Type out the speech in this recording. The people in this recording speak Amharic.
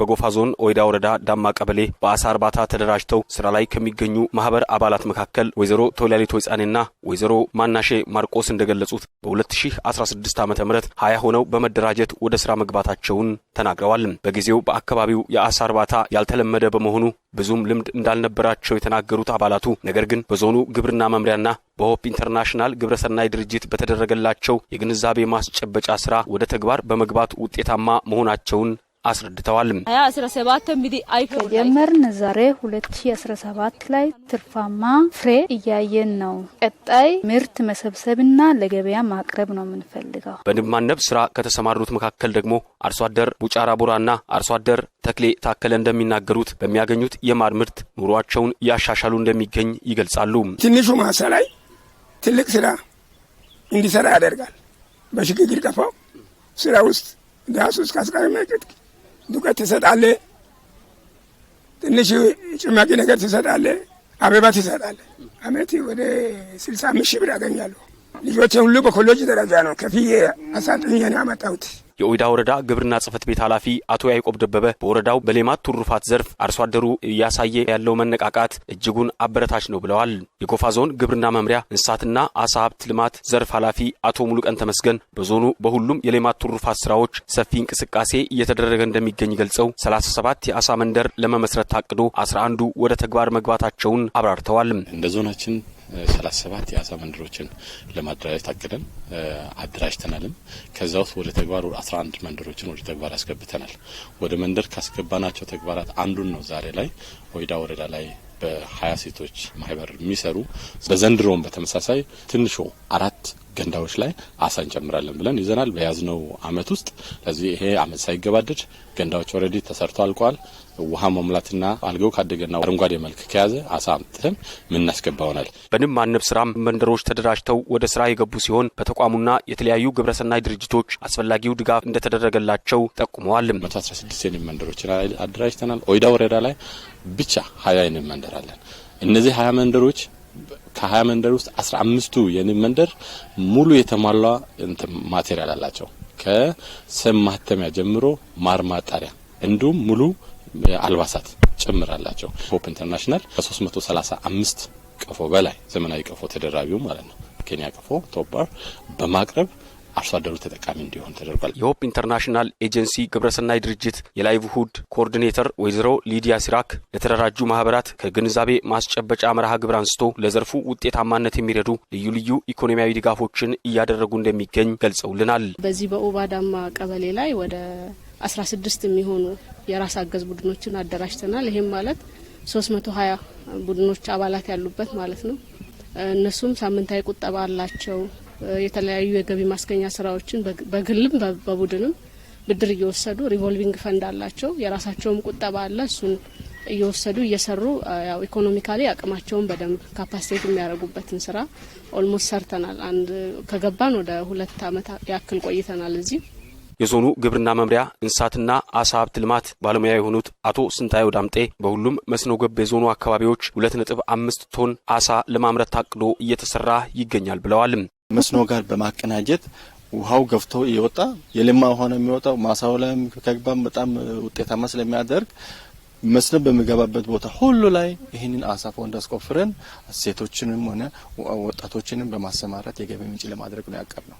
በጎፋ ዞን ኦይዳ ወረዳ ዳማ ቀበሌ በአሳ እርባታ ተደራጅተው ስራ ላይ ከሚገኙ ማህበር አባላት መካከል ወይዘሮ ተወላሊት ወይጻኔና ወይዘሮ ማናሼ ማርቆስ እንደገለጹት በ2016 ዓ ም ሀያ ሆነው በመደራጀት ወደ ስራ መግባታቸውን ተናግረዋል። በጊዜው በአካባቢው የአሳ እርባታ ያልተለመደ በመሆኑ ብዙም ልምድ እንዳልነበራቸው የተናገሩት አባላቱ ነገር ግን በዞኑ ግብርና መምሪያና በሆፕ ኢንተርናሽናል ግብረሰናይ ድርጅት በተደረገላቸው የግንዛቤ ማስጨበጫ ስራ ወደ ተግባር በመግባት ውጤታማ መሆናቸውን አስረድተዋል። ጀመርን ዛሬ 2017 ላይ ትርፋማ ፍሬ እያየን ነው። ቀጣይ ምርት መሰብሰብና ለገበያ ማቅረብ ነው የምንፈልገው። በንብ ስራ ከተሰማሩት መካከል ደግሞ አርሶ አደር ቡጫራ ቡራና አርሶ አደር ተክሌ ታከለ እንደሚናገሩት በሚያገኙት የማር ምርት ኑሯቸውን ያሻሻሉ እንደሚገኝ ይገልጻሉ። ትንሹ ማሳ ላይ ትልቅ ስራ እንዲሰራ ያደርጋል። በሽግግር ቀፋው ስራ ውስጥ ዳሱ እስከ ዱቄት ትሰጣለ፣ ትንሽ ጭማቂ ነገር ትሰጣለ፣ አበባ ትሰጣለ። አመት ወደ ስልሳ አምስት ሺህ ብር ያገኛለሁ። ልጆቼ ሁሉ በኮሌጅ ደረጃ ነው ከፍዬ አሳጥኜ ነው ያመጣሁት። የኦይዳ ወረዳ ግብርና ጽህፈት ቤት ኃላፊ አቶ ያይቆብ ደበበ በወረዳው በሌማት ትሩፋት ዘርፍ አርሶ አደሩ እያሳየ ያለው መነቃቃት እጅጉን አበረታች ነው ብለዋል። የጎፋ ዞን ግብርና መምሪያ እንስሳትና አሳ ሀብት ልማት ዘርፍ ኃላፊ አቶ ሙሉቀን ተመስገን በዞኑ በሁሉም የሌማት ትሩፋት ስራዎች ሰፊ እንቅስቃሴ እየተደረገ እንደሚገኝ ገልጸው 37 የአሳ መንደር ለመመስረት ታቅዶ 11ዱ ወደ ተግባር መግባታቸውን አብራርተዋል። እንደ ዞናችን ሰላሳ ሰባት የአሳ መንደሮችን ለማደራጀት አቅደን አደራጅተናልም። ከዛ ውስጥ ወደ ተግባር ወደ አስራ አንድ መንደሮችን ወደ ተግባር አስገብተናል። ወደ መንደር ካስገባናቸው ተግባራት አንዱን ነው ዛሬ ላይ ወይዳ ወረዳ ላይ በሀያ ሴቶች ማህበር የሚሰሩ በዘንድሮም በተመሳሳይ ትንሹ አራት ገንዳዎች ላይ አሳ እንጨምራለን ብለን ይዘናል በያዝነው አመት ውስጥ። ለዚህ ይሄ አመት ሳይገባደድ ገንዳዎች ኦልሬዲ ተሰርቶ አልቋል። ውሃ መሙላትና አልገው ካደገና አረንጓዴ መልክ ከያዘ አሳ አምጥተን ሆናል። በንብ ማነብ ስራም መንደሮች ተደራጅተው ወደ ስራ የገቡ ሲሆን በተቋሙና የተለያዩ ግብረሰናይ ድርጅቶች አስፈላጊው ድጋፍ እንደተደረገላቸው ጠቁመዋል። 116 የንብ መንደሮችን አደራጅተናል። ኦይዳ ወረዳ ላይ ብቻ ሀያ የንብ መንደር አለን። እነዚህ ሀያ መንደሮች ከሀያ መንደር ውስጥ አስራ አምስቱ የንብ መንደር ሙሉ የተሟላ ማቴሪያል አላቸው። ከሰም ማተሚያ ጀምሮ ማር ማጣሪያ እንዲሁም ሙሉ አልባሳት ጭምር አላቸው። ሆፕ ኢንተርናሽናል ከ335 ቀፎ በላይ ዘመናዊ ቀፎ ተደራቢው ማለት ነው ኬንያ ቀፎ ቶፓር በማቅረብ አርሶ አደሩ ተጠቃሚ እንዲሆን ተደርጓል። የሆፕ ኢንተርናሽናል ኤጀንሲ ግብረሰናይ ድርጅት የላይቭሁድ ኮኦርዲኔተር ወይዘሮ ሊዲያ ሲራክ ለተደራጁ ማህበራት ከግንዛቤ ማስጨበጫ መርሃ ግብር አንስቶ ለዘርፉ ውጤታማነት የሚረዱ ልዩ ልዩ ኢኮኖሚያዊ ድጋፎችን እያደረጉ እንደሚገኝ ገልጸውልናል። በዚህ በኦባዳማ ቀበሌ ላይ ወደ አስራ ስድስት የሚሆኑ የራስ አገዝ ቡድኖችን አደራጅተናል። ይህም ማለት ሶስት መቶ ሀያ ቡድኖች አባላት ያሉበት ማለት ነው። እነሱም ሳምንታዊ ቁጠባ አላቸው። የተለያዩ የገቢ ማስገኛ ስራዎችን በግልም በቡድንም ብድር እየወሰዱ ሪቮልቪንግ ፈንድ አላቸው። የራሳቸውም ቁጠባ አለ። እሱን እየወሰዱ እየሰሩ ያው ኢኮኖሚካሊ አቅማቸውን በደንብ ካፓሲቴት የሚያደርጉበትን ስራ ኦልሞስት ሰርተናል። አንድ ከገባን ወደ ሁለት አመት ያክል ቆይተናል እዚህ የዞኑ ግብርና መምሪያ እንስሳትና አሳ ሀብት ልማት ባለሙያ የሆኑት አቶ ስንታየው ዳምጤ በሁሉም መስኖ ገብ የዞኑ አካባቢዎች ሁለት ነጥብ አምስት ቶን አሳ ለማምረት ታቅዶ እየተሰራ ይገኛል ብለዋል። መስኖ ጋር በማቀናጀት ውሃው ገብቶ እየወጣ የለማ ውሃ ነው የሚወጣው። ማሳው ላይም ከገባም በጣም ውጤታማ ስለሚያደርግ መስኖ በሚገባበት ቦታ ሁሉ ላይ ይህንን አሳ ፎንድ አስቆፍረን ሴቶችንም ሆነ ወጣቶችንም በማሰማራት የገቢ ምንጭ ለማድረግ ነው ያቀር ነው።